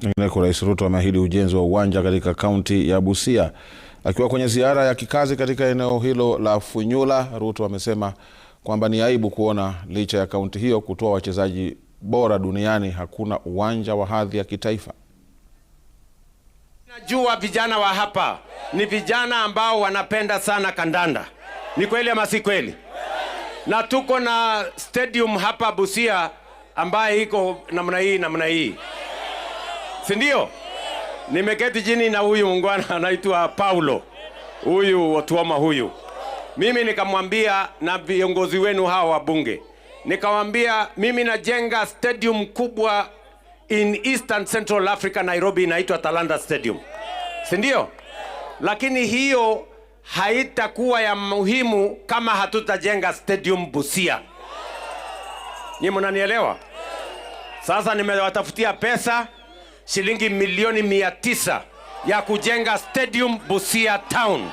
Ingineko, Rais Ruto ameahidi ujenzi wa uwanja katika kaunti ya Busia. Akiwa kwenye ziara ya kikazi katika eneo hilo la Funyula, Ruto amesema kwamba ni aibu kuona licha ya kaunti hiyo kutoa wachezaji bora duniani hakuna uwanja wa hadhi ya kitaifa. Najua vijana wa hapa ni vijana ambao wanapenda sana kandanda, ni kweli ama si kweli? Na tuko na stadium hapa Busia ambaye iko namna hii namna hii si ndio? Nimeketi chini na huyu mungwana anaitwa Paulo, huyu watuoma huyu. Mimi nikamwambia na viongozi wenu hawa wa bunge nikamwambia mimi najenga stadium kubwa in Eastern Central Africa, Nairobi, inaitwa Talanta Stadium, si ndio? Lakini hiyo haitakuwa ya muhimu kama hatutajenga stadium Busia. Nyi mnanielewa? Sasa nimewatafutia pesa shilingi milioni mia tisa ya kujenga stadium Busia Town.